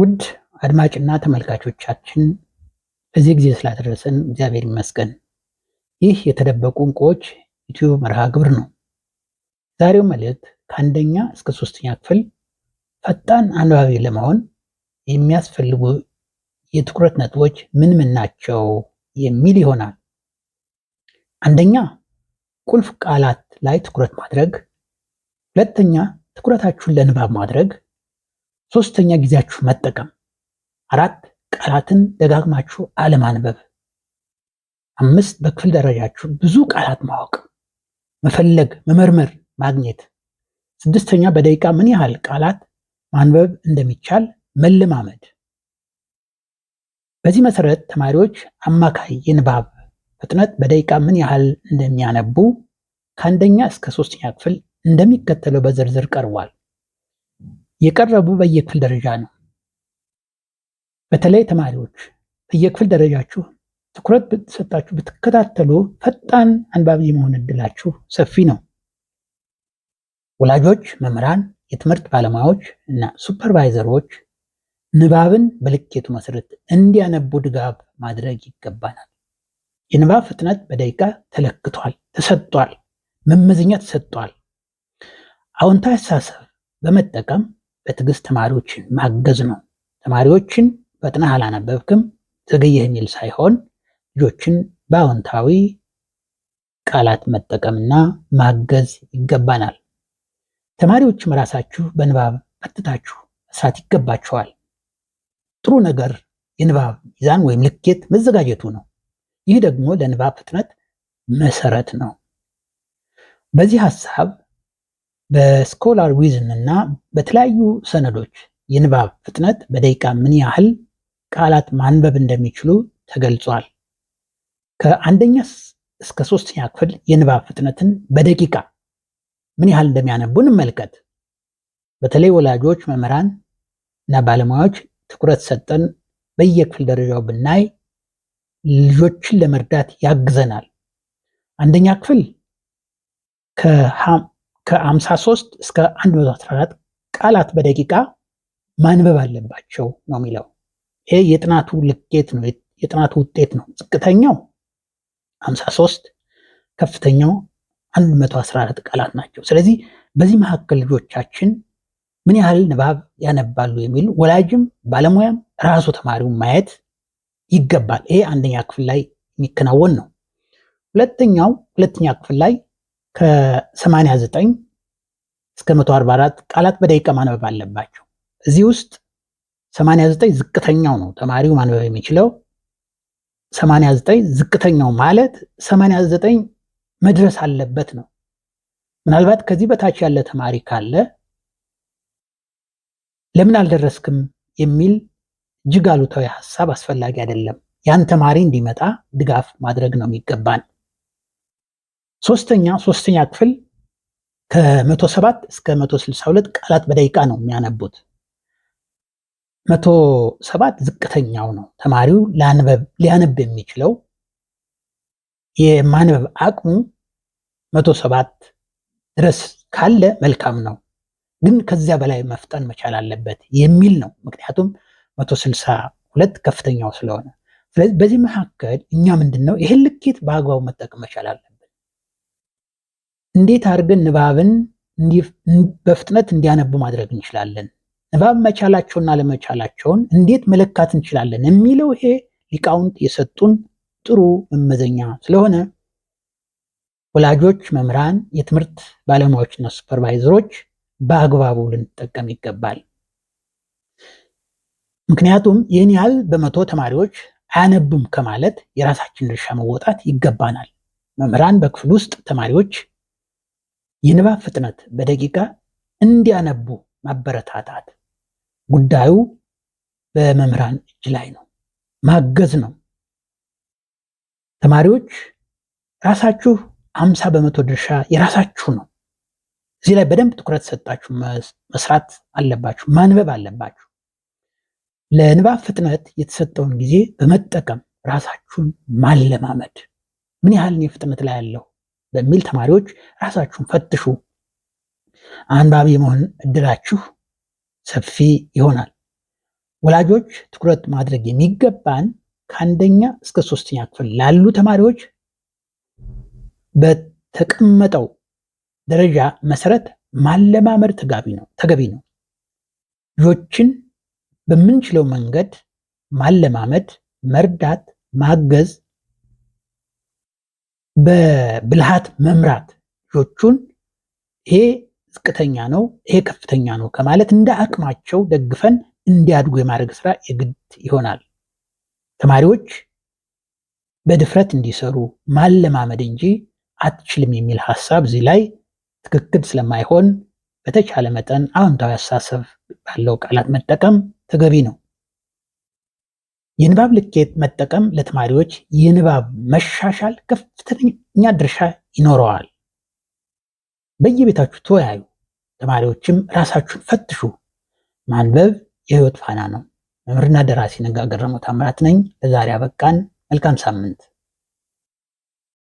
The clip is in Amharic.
ውድ አድማጭና ተመልካቾቻችን በዚህ ጊዜ ስላደረሰን እግዚአብሔር ይመስገን። ይህ የተደበቁ ዕንቁዎች ዩቲዩብ መርሃ ግብር ነው። ዛሬው መልእክት ከአንደኛ እስከ ሶስተኛ ክፍል ፈጣን አንባቢ ለመሆን የሚያስፈልጉ የትኩረት ነጥቦች ምን ምን ናቸው የሚል ይሆናል። አንደኛ ቁልፍ ቃላት ላይ ትኩረት ማድረግ፣ ሁለተኛ ትኩረታችሁን ለንባብ ማድረግ ሶስተኛ ጊዜያችሁ መጠቀም። አራት ቃላትን ደጋግማችሁ አለማንበብ። አምስት በክፍል ደረጃችሁ ብዙ ቃላት ማወቅ፣ መፈለግ፣ መመርመር፣ ማግኘት። ስድስተኛ በደቂቃ ምን ያህል ቃላት ማንበብ እንደሚቻል መለማመድ። በዚህ መሰረት ተማሪዎች አማካይ የንባብ ፍጥነት በደቂቃ ምን ያህል እንደሚያነቡ ከአንደኛ እስከ ሶስተኛ ክፍል እንደሚከተለው በዝርዝር ቀርቧል። የቀረቡ በየክፍል ደረጃ ነው። በተለይ ተማሪዎች በየክፍል ደረጃችሁ ትኩረት ብትሰጣችሁ ብትከታተሉ ፈጣን አንባቢ የመሆን እድላችሁ ሰፊ ነው። ወላጆች፣ መምህራን፣ የትምህርት ባለሙያዎች እና ሱፐርቫይዘሮች ንባብን በልኬቱ መሰረት እንዲያነቡ ድጋፍ ማድረግ ይገባናል። የንባብ ፍጥነት በደቂቃ ተለክቷል፣ ተሰጥቷል፣ መመዘኛ ተሰጥቷል። አዎንታዊ አስተሳሰብ በመጠቀም በትዕግስት ተማሪዎችን ማገዝ ነው። ተማሪዎችን ፈጥነህ አላነበብክም ዘገየህ የሚል ሳይሆን ልጆችን በአዎንታዊ ቃላት መጠቀምና ማገዝ ይገባናል። ተማሪዎችም ራሳችሁ በንባብ ፈትታችሁ መስራት ይገባችኋል። ጥሩ ነገር የንባብ ሚዛን ወይም ልኬት መዘጋጀቱ ነው። ይህ ደግሞ ለንባብ ፍጥነት መሰረት ነው። በዚህ ሀሳብ በስኮላር ዊዝም እና በተለያዩ ሰነዶች የንባብ ፍጥነት በደቂቃ ምን ያህል ቃላት ማንበብ እንደሚችሉ ተገልጿል። ከአንደኛ እስከ ሶስተኛ ክፍል የንባብ ፍጥነትን በደቂቃ ምን ያህል እንደሚያነቡ እንመልከት። በተለይ ወላጆች፣ መምህራን እና ባለሙያዎች ትኩረት ሰጠን በየክፍል ደረጃው ብናይ ልጆችን ለመርዳት ያግዘናል። አንደኛ ክፍል ከ53 እስከ 114 ቃላት በደቂቃ ማንበብ አለባቸው ነው የሚለው። ይሄ የጥናቱ ልኬት ነው፣ የጥናቱ ውጤት ነው። ዝቅተኛው 53 ከፍተኛው 114 ቃላት ናቸው። ስለዚህ በዚህ መካከል ልጆቻችን ምን ያህል ንባብ ያነባሉ የሚል ወላጅም ባለሙያም ራሱ ተማሪውን ማየት ይገባል። ይሄ አንደኛ ክፍል ላይ የሚከናወን ነው። ሁለተኛው ሁለተኛ ክፍል ላይ ከ89 እስከ 144 ቃላት በደቂቃ ማንበብ አለባቸው። እዚህ ውስጥ 89 ዝቅተኛው ነው ተማሪው ማንበብ የሚችለው። 89 ዝቅተኛው ማለት 89 መድረስ አለበት ነው። ምናልባት ከዚህ በታች ያለ ተማሪ ካለ ለምን አልደረስክም የሚል እጅግ አሉታዊ ሀሳብ አስፈላጊ አይደለም። ያን ተማሪ እንዲመጣ ድጋፍ ማድረግ ነው የሚገባን። ሶስተኛ ሶስተኛ ክፍል ከ107 እስከ 162 ቃላት በደቂቃ ነው የሚያነቡት። 107 ዝቅተኛው ነው። ተማሪው ሊያነብ የሚችለው የማንበብ አቅሙ 107 ድረስ ካለ መልካም ነው፣ ግን ከዚያ በላይ መፍጠን መቻል አለበት የሚል ነው። ምክንያቱም 162 ከፍተኛው ስለሆነ። ስለዚህ በዚህ መካከል እኛ ምንድን ነው ይህን ልኬት በአግባቡ መጠቀም መቻል አለበት። እንዴት አድርገን ንባብን በፍጥነት እንዲያነቡ ማድረግ እንችላለን? ንባብ መቻላቸውና ለመቻላቸውን እንዴት መለካት እንችላለን? የሚለው ይሄ ሊቃውንት የሰጡን ጥሩ መመዘኛ ስለሆነ ወላጆች፣ መምህራን፣ የትምህርት ባለሙያዎችና ሱፐርቫይዘሮች በአግባቡ ልንጠቀም ይገባል። ምክንያቱም ይህን ያህል በመቶ ተማሪዎች አያነቡም ከማለት የራሳችን ድርሻ መወጣት ይገባናል። መምህራን በክፍል ውስጥ ተማሪዎች የንባብ ፍጥነት በደቂቃ እንዲያነቡ ማበረታታት ጉዳዩ በመምህራን እጅ ላይ ነው። ማገዝ ነው። ተማሪዎች ራሳችሁ አምሳ በመቶ ድርሻ የራሳችሁ ነው። እዚህ ላይ በደንብ ትኩረት ሰጣችሁ መስራት አለባችሁ፣ ማንበብ አለባችሁ። ለንባብ ፍጥነት የተሰጠውን ጊዜ በመጠቀም ራሳችሁን ማለማመድ ምን ያህል እኔ ፍጥነት ላይ ያለሁ በሚል ተማሪዎች ራሳችሁን ፈትሹ። አንባቢ የመሆን እድላችሁ ሰፊ ይሆናል። ወላጆች ትኩረት ማድረግ የሚገባን ከአንደኛ እስከ ሶስተኛ ክፍል ላሉ ተማሪዎች በተቀመጠው ደረጃ መሰረት ማለማመድ ተገቢ ነው። ልጆችን በምንችለው መንገድ ማለማመድ፣ መርዳት፣ ማገዝ በብልሃት መምራት ልጆቹን ይሄ ዝቅተኛ ነው፣ ይሄ ከፍተኛ ነው ከማለት እንደ አቅማቸው ደግፈን እንዲያድጉ የማድረግ ስራ የግድ ይሆናል። ተማሪዎች በድፍረት እንዲሰሩ ማለማመድ እንጂ አትችልም የሚል ሀሳብ እዚህ ላይ ትክክል ስለማይሆን በተቻለ መጠን አዎንታዊ አስተሳሰብ ባለው ቃላት መጠቀም ተገቢ ነው። የንባብ ልኬት መጠቀም ለተማሪዎች የንባብ መሻሻል ከፍተኛ ድርሻ ይኖረዋል። በየቤታችሁ ተወያዩ፣ ተማሪዎችም ራሳችሁን ፈትሹ። ማንበብ የህይወት ፋና ነው። መምህርና ደራሲ ነጋገር ረሞ ታምራት ነኝ። ለዛሬ አበቃን። መልካም ሳምንት